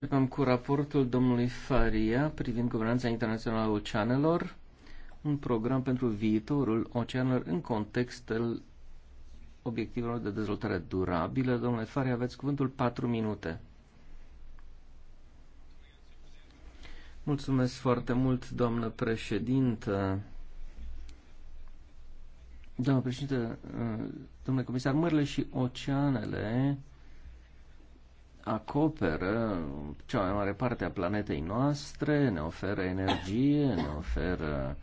Începem cu raportul domnului Faria privind guvernanța internațională a oceanelor, un program pentru viitorul oceanelor în contextul obiectivelor de dezvoltare durabilă. Domnule Faria, aveți cuvântul 4 minute. Mulțumesc foarte mult, doamnă președintă. Doamnă președintă, uh, domnule comisar, mările și oceanele acoperă cea mai mare parte a planetei noastre, ne oferă energie, ne oferă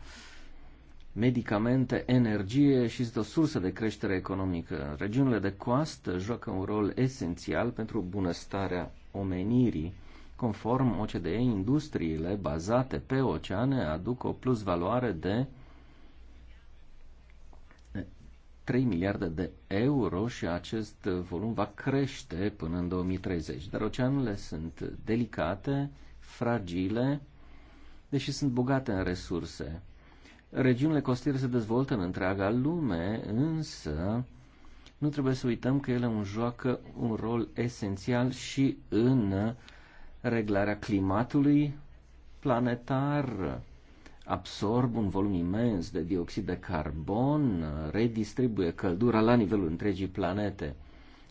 medicamente, energie și este o sursă de creștere economică. Regiunile de coastă joacă un rol esențial pentru bunăstarea omenirii. Conform OCDE, industriile bazate pe oceane aduc o plus valoare de 3 miliarde de euro și acest volum va crește până în 2030. Dar oceanele sunt delicate, fragile, deși sunt bogate în resurse. Regiunile costiere se dezvoltă în întreaga lume, însă nu trebuie să uităm că ele joacă un rol esențial și în reglarea climatului planetar, absorb un volum imens de dioxid de carbon, redistribuie căldura la nivelul întregii planete.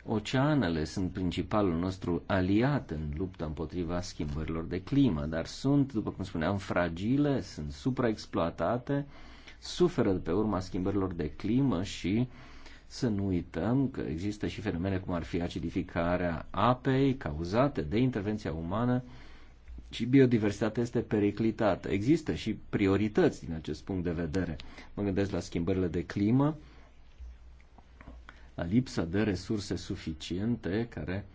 Oceanele sunt principalul nostru aliat în lupta împotriva schimbărilor de climă, dar sunt, după cum spuneam, fragile, sunt supraexploatate, suferă de pe urma schimbărilor de climă și să nu uităm că există și fenomene cum ar fi acidificarea apei cauzate de intervenția umană, și biodiversitatea este periclitată. Există și priorități din acest punct de vedere. Mă gândesc la schimbările de climă, la lipsa de resurse suficiente care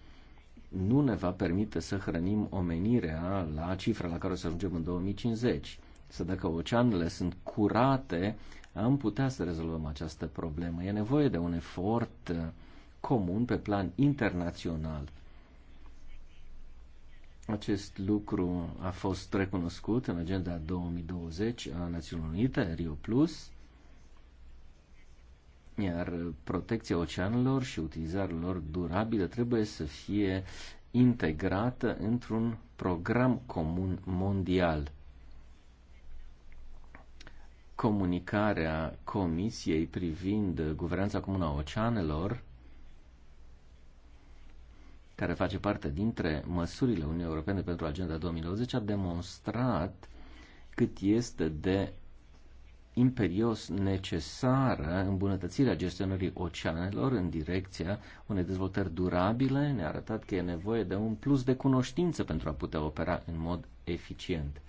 nu ne va permite să hrănim omenirea la cifra la care o să ajungem în 2050. Să dacă oceanele sunt curate, am putea să rezolvăm această problemă. E nevoie de un efort uh, comun pe plan internațional. Acest lucru a fost recunoscut în agenda 2020 a Națiunilor Unite, Rio Plus, iar protecția oceanelor și utilizarea lor durabilă trebuie să fie integrată într-un program comun mondial. Comunicarea Comisiei privind guvernanța comună a oceanelor care face parte dintre măsurile Uniunii Europene pentru Agenda 2020, a demonstrat cât este de imperios necesară îmbunătățirea gestionării oceanelor în direcția unei dezvoltări durabile, ne-a arătat că e nevoie de un plus de cunoștință pentru a putea opera în mod eficient.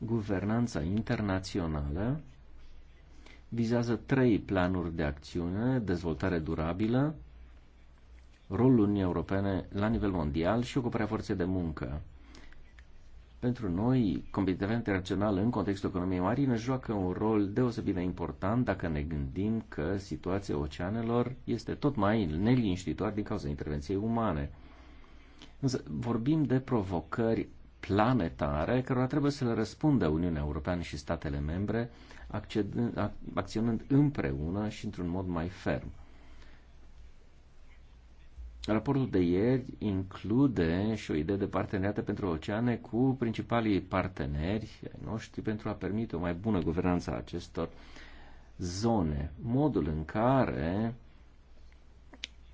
Guvernanța internațională vizează trei planuri de acțiune, dezvoltare durabilă, rolul Uniunii Europene la nivel mondial și ocuparea forței de muncă. Pentru noi, competitivitatea internațională în contextul economiei marine joacă un rol deosebit de important dacă ne gândim că situația oceanelor este tot mai neliniștitoare din cauza intervenției umane. Însă vorbim de provocări planetare cărora trebuie să le răspundă Uniunea Europeană și statele membre, acționând împreună și într-un mod mai ferm. Raportul de ieri include și o idee de parteneriate pentru oceane cu principalii parteneri ai noștri pentru a permite o mai bună guvernanță a acestor zone. Modul în care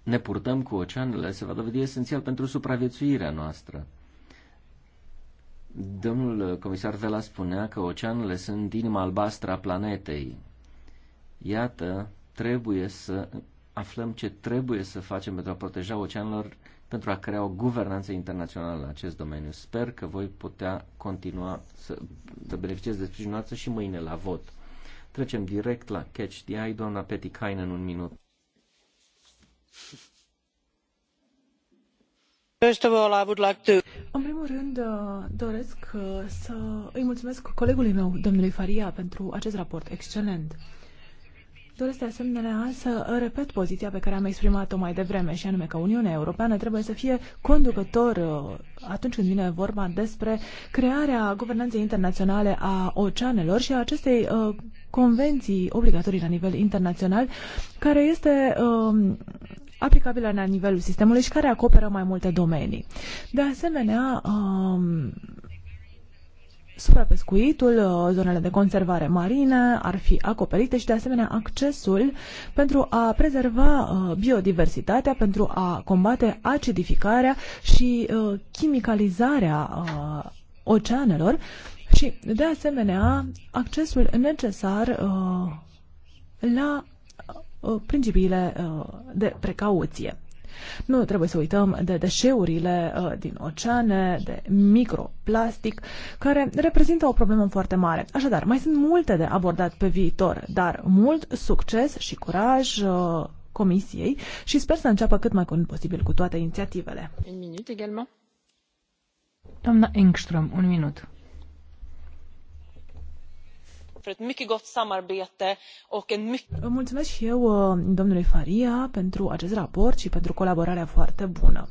ne purtăm cu oceanele se va dovedi esențial pentru supraviețuirea noastră. Domnul comisar Vela spunea că oceanele sunt inima albastră a planetei. Iată, trebuie să aflăm ce trebuie să facem pentru a proteja oceanelor, pentru a crea o guvernanță internațională în acest domeniu. Sper că voi putea continua să, să beneficiez de sprijinul noastră și mâine la vot. Trecem direct la Catch the Eye, doamna Peti în un minut. În primul rând, uh, doresc uh, să îi mulțumesc colegului meu, domnului Faria, pentru acest raport excelent. Doresc de asemenea să repet poziția pe care am exprimat-o mai devreme, și anume că Uniunea Europeană trebuie să fie conducător uh, atunci când vine vorba despre crearea guvernanței internaționale a oceanelor și a acestei uh, convenții obligatorii la nivel internațional, care este um, aplicabilă la nivelul sistemului și care acoperă mai multe domenii. De asemenea, um, suprapescuitul, uh, zonele de conservare marine ar fi acoperite și de asemenea accesul pentru a prezerva uh, biodiversitatea, pentru a combate acidificarea și uh, chimicalizarea oceanelor și de asemenea accesul necesar la principiile de precauție. Nu trebuie să uităm de deșeurile uh, din oceane, de microplastic, care reprezintă o problemă foarte mare. Așadar, mai sunt multe de abordat pe viitor, dar mult succes și curaj uh, comisiei și sper să înceapă cât mai curând posibil cu toate inițiativele. Un minut egalement. Doamna Engström, un minut. Mulțumesc și eu uh, domnului Faria pentru acest raport și pentru colaborarea foarte bună.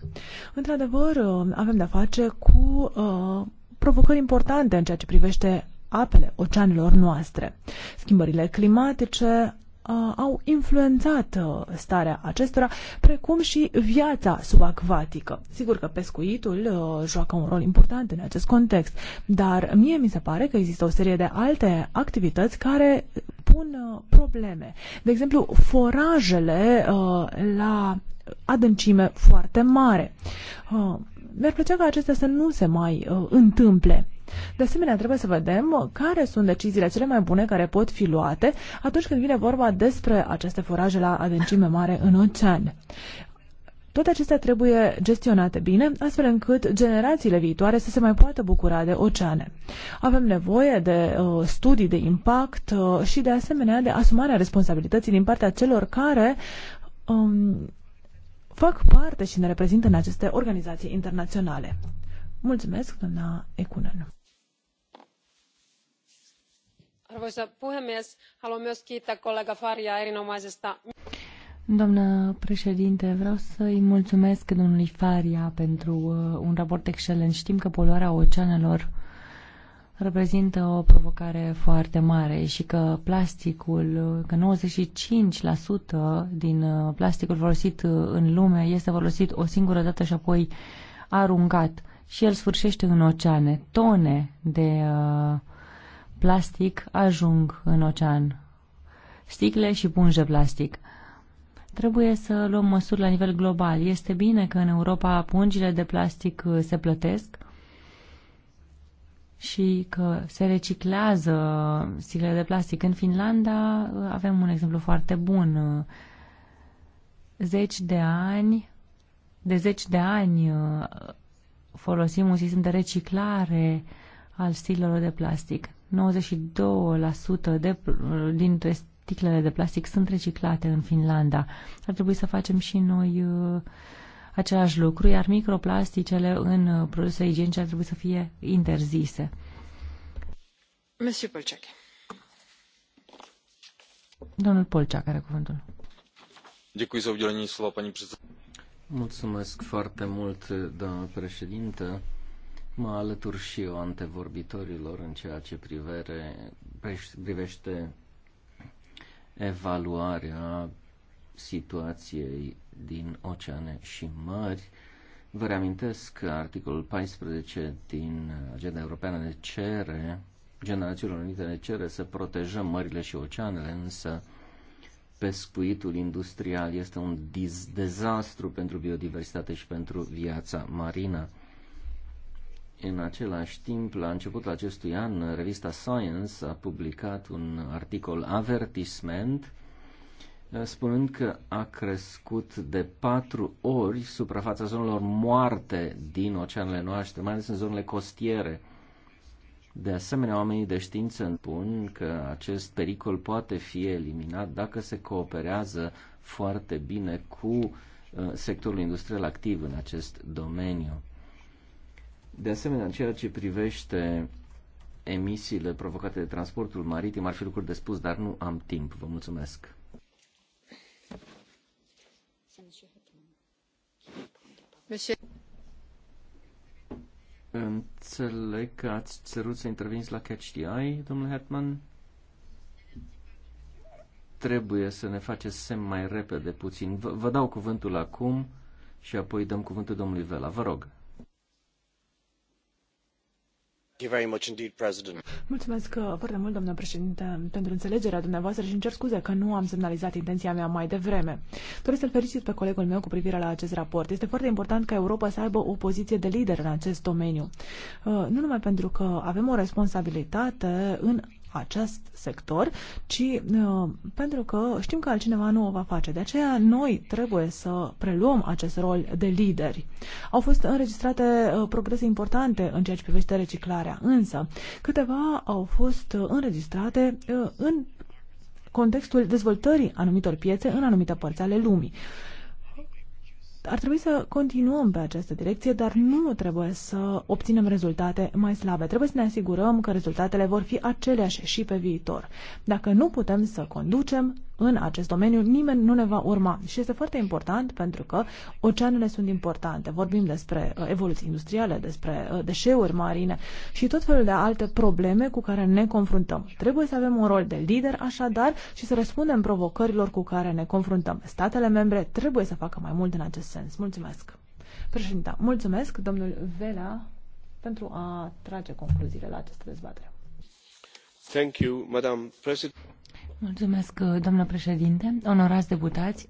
Într-adevăr, uh, avem de-a face cu uh, provocări importante în ceea ce privește apele oceanelor noastre. Schimbările climatice uh, au influențat uh, starea acestora, precum și viața subacvatică. Sigur că pescuitul uh, joacă un rol important în acest context, dar mie mi se pare că există o serie de alte activități care pun uh, probleme. De exemplu, forajele uh, la adâncime foarte mare. Uh, Ah, mi-ar plăcea ca acestea să nu se mai uh, întâmple. De asemenea, trebuie să vedem care sunt deciziile cele mai bune care pot fi luate atunci când vine vorba despre aceste foraje la adâncime mare în ocean. Toate acestea trebuie gestionate bine, astfel încât generațiile viitoare să se mai poată bucura de oceane. Avem nevoie de uh, studii de impact uh, și, de asemenea, de asumarea responsabilității din partea celor care um, fac parte și ne reprezintă în aceste organizații internaționale. Mulțumesc, doamna Ekunen. Arvoisa puhemies, haluan myös kiittää kollega Faria erinomaisesta Doamnă președinte, vreau să-i mulțumesc domnului Faria pentru uh, un raport excelent. Știm că poluarea oceanelor reprezintă o provocare foarte mare și că plasticul, că 95% din uh, plasticul folosit uh, în lume este folosit o singură dată și apoi aruncat și el sfârșește în oceane. Tone de uh, plastic ajung în ocean. Sticle și pungi de plastic. Trebuie să luăm măsuri la nivel global. Este bine că în Europa pungile de plastic se plătesc, și că se reciclează sticlele de plastic. În Finlanda uh, avem un exemplu foarte bun. Zeci de ani, de zeci de ani uh, folosim un sistem de reciclare al sticlelor de plastic. 92% de, dintre sticlele de plastic sunt reciclate în Finlanda. Ar trebui să facem și noi uh, același lucru, iar microplasticele în uh, produse igienice ar trebui să fie interzise. Monsieur Polciac. Domnul Polciac are cuvântul. Mulțumesc foarte mult, doamnă președintă. Mă alătur și eu antevorbitorilor în ceea ce privere, privește evaluarea situației din oceane și mări. Vă reamintesc că articolul 14 din Agenda Europeană ne cere, Generațiilor Unite ne cere să protejăm mările și oceanele, însă pescuitul industrial este un dezastru pentru biodiversitate și pentru viața marină. În același timp, la începutul acestui an, revista Science a publicat un articol avertisment spunând că a crescut de patru ori suprafața zonelor moarte din oceanele noastre, mai ales în zonele costiere. De asemenea, oamenii de știință spun că acest pericol poate fi eliminat dacă se cooperează foarte bine cu uh, sectorul industrial activ în acest domeniu. De asemenea, în ceea ce privește emisiile provocate de transportul maritim, ar fi lucruri de spus, dar nu am timp. Vă mulțumesc. Înțeleg că ați cerut să interveniți la Catch the Eye, domnule Hetman. Trebuie să ne faceți semn mai repede puțin. V- vă dau cuvântul acum și apoi dăm cuvântul domnului Vela. Vă rog. Mulțumesc uh, foarte mult, domnule președinte, pentru înțelegerea dumneavoastră și încerc scuze că nu am semnalizat intenția mea mai devreme. Doresc să-l felicit pe colegul meu cu privire la acest raport. Este foarte important ca Europa să aibă o poziție de lider în acest domeniu. Uh, nu numai pentru că avem o responsabilitate în acest sector, ci uh, pentru că știm că altcineva nu o va face. De aceea noi trebuie să preluăm acest rol de lideri. Au fost înregistrate uh, progrese importante în ceea ce privește reciclarea, însă câteva au fost uh, înregistrate în contextul dezvoltării anumitor piețe în anumite părți ale lumii. Ar trebui să continuăm pe această direcție, dar nu trebuie să obținem rezultate mai slabe. Trebuie să ne asigurăm că rezultatele vor fi aceleași și pe viitor. Dacă nu putem să conducem, în acest domeniu, nimeni nu ne va urma. Și este foarte important pentru că oceanele sunt importante. Vorbim despre uh, evoluții industriale, despre uh, deșeuri marine și tot felul de alte probleme cu care ne confruntăm. Trebuie să avem un rol de lider, așadar, și să răspundem provocărilor cu care ne confruntăm. Statele membre trebuie să facă mai mult în acest sens. Mulțumesc! Președinta, mulțumesc, domnul Vela, pentru a trage concluziile la această dezbatere. Thank you, Madam President. Mulțumesc, uh, doamnă președinte, onorați deputați.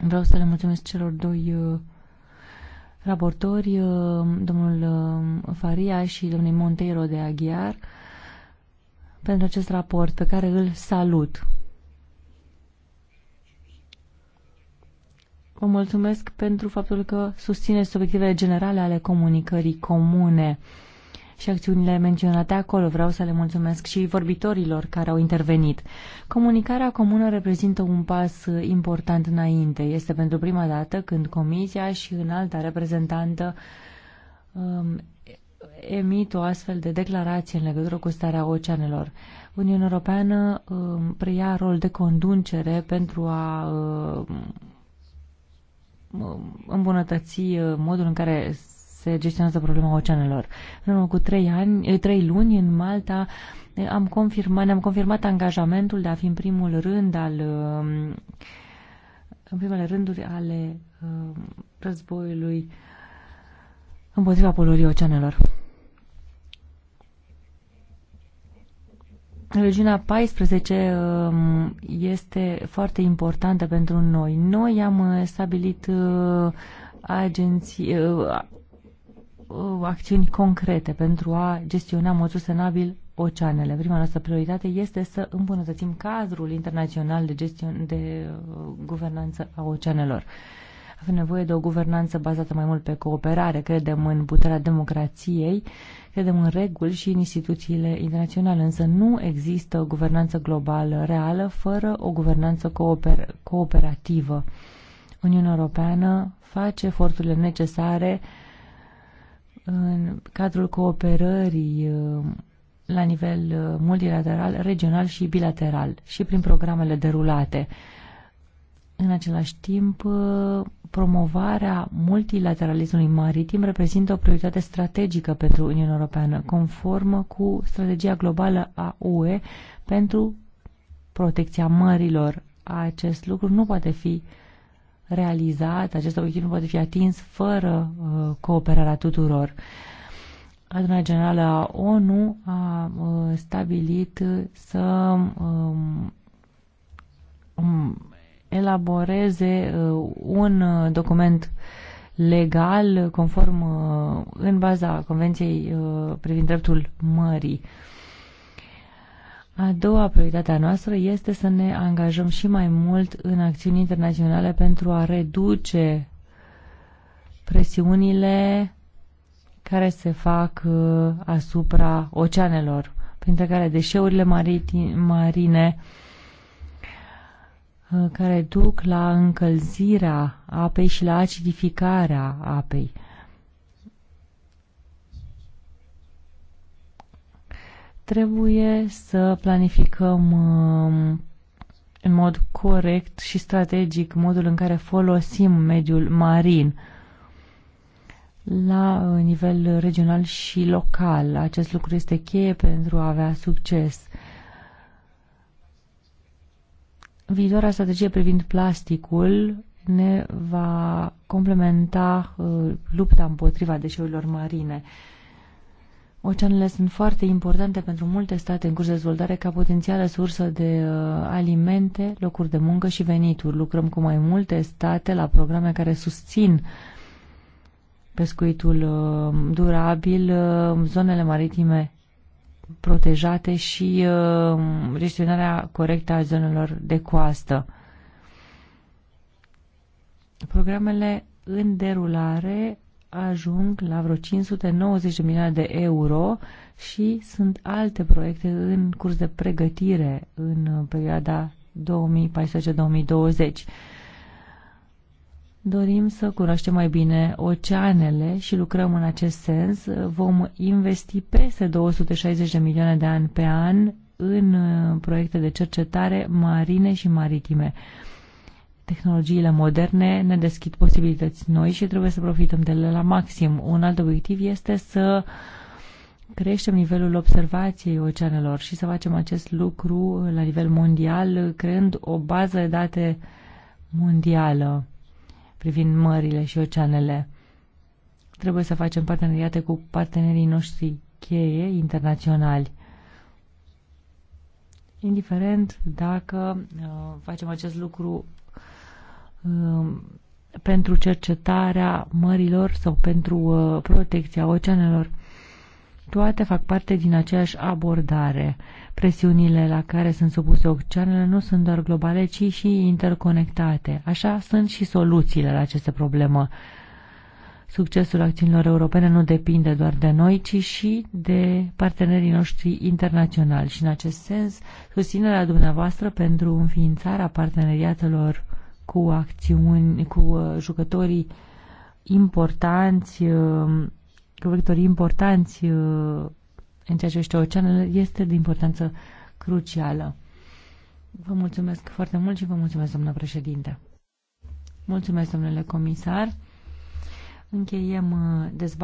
Vreau să le mulțumesc celor doi uh, raportori, uh, domnul Faria și domnul Monteiro de Aghiar, pentru acest raport pe care îl salut. Vă mulțumesc pentru faptul că susțineți obiectivele generale ale comunicării comune și acțiunile menționate acolo. Vreau să le mulțumesc și vorbitorilor care au intervenit. Comunicarea comună reprezintă un pas important înainte. Este pentru prima dată când Comisia și înalta reprezentantă um, emit o astfel de declarație în legătură cu starea oceanelor. Uniunea Europeană um, preia rol de conducere pentru a um, um îmbunătăți uh, modul în care se gestionează problema oceanelor. În urmă cu trei, ani, eh, trei luni în Malta eh, am confirmat, ne-am confirmat angajamentul de a fi în primul rând al um, în primele rânduri ale um, războiului împotriva poluării oceanelor. Regiunea 14 um, este foarte importantă pentru noi. Noi am eh, stabilit uh, agenții, uh, Uh, acțiuni concrete pentru a gestiona în mod sustenabil oceanele. Prima noastră prioritate este să îmbunătățim cadrul internațional de, gestion, de uh, guvernanță a oceanelor. Avem nevoie de o guvernanță bazată mai mult pe cooperare, credem în puterea democrației, credem în reguli și în instituțiile internaționale, însă nu există o guvernanță globală reală fără o guvernanță cooper- cooperativă. Uniunea Europeană face eforturile necesare uh, în cadrul cooperării uh, la nivel uh, multilateral, regional și bilateral și prin programele derulate. În același timp, uh, promovarea multilateralismului maritim reprezintă o prioritate strategică pentru Uniunea Europeană, conformă cu strategia globală a UE pentru protecția mărilor. Acest lucru nu poate fi uh, realizat, acest obiectiv nu poate fi atins fără uh, cooperarea tuturor. Adunarea Generală a ONU a uh, stabilit să um, um, elaboreze uh, un uh, document legal conform uh, în baza Convenției uh, privind dreptul mării. Uh, a doua prioritate a noastră este să ne angajăm și mai mult în acțiuni internaționale pentru a reduce presiunile care se fac uh, asupra oceanelor, printre care deșeurile marine uh, care duc la încălzirea apei și la acidificarea apei. Trebuie să planificăm um, în mod corect și strategic modul în care folosim mediul marin la uh, nivel regional și local. Acest lucru este cheie pentru a avea succes. Viitoarea strategie privind plasticul ne va complementa uh, lupta împotriva deșeurilor marine. Oceanele sunt foarte importante pentru multe state în curs de dezvoltare ca potențială sursă de uh, alimente, locuri de muncă și venituri. Lucrăm cu mai multe state la programe care susțin pescuitul uh, durabil, uh, zonele maritime protejate și uh, gestionarea corectă a zonelor de coastă. Programele în derulare ajung la vreo 590 de milioane de euro și sunt alte proiecte în curs de pregătire în perioada 2014-2020. Dorim să cunoaștem mai bine oceanele și lucrăm în acest sens. Vom investi peste 260 de milioane de ani pe an în proiecte de cercetare marine și maritime. Tehnologiile moderne ne deschid posibilități noi și trebuie să profităm de ele la maxim. Un alt obiectiv este să creștem nivelul observației oceanelor și să facem acest lucru la nivel mondial, creând o bază de date mondială privind mările și oceanele. Trebuie să facem parteneriate cu partenerii noștri cheie internaționali. Indiferent dacă uh, facem acest lucru Um, pentru cercetarea mărilor sau pentru uh, protecția oceanelor. Toate fac parte din aceeași abordare. Presiunile la care sunt supuse oceanele nu sunt doar globale, ci și interconectate. Așa sunt și soluțiile la aceste problemă. Succesul acțiunilor europene nu depinde doar de noi, ci și de partenerii noștri internaționali și, în acest sens, susținerea dumneavoastră pentru înființarea parteneriatelor cu acțiuni, cu uh, jucătorii importanți, uh, cu vectorii importanți uh, în ceea ce este oceanul, este de importanță crucială. Vă mulțumesc foarte mult și vă mulțumesc, doamnă președinte. Mulțumesc, domnule comisar. Încheiem dezbaterea.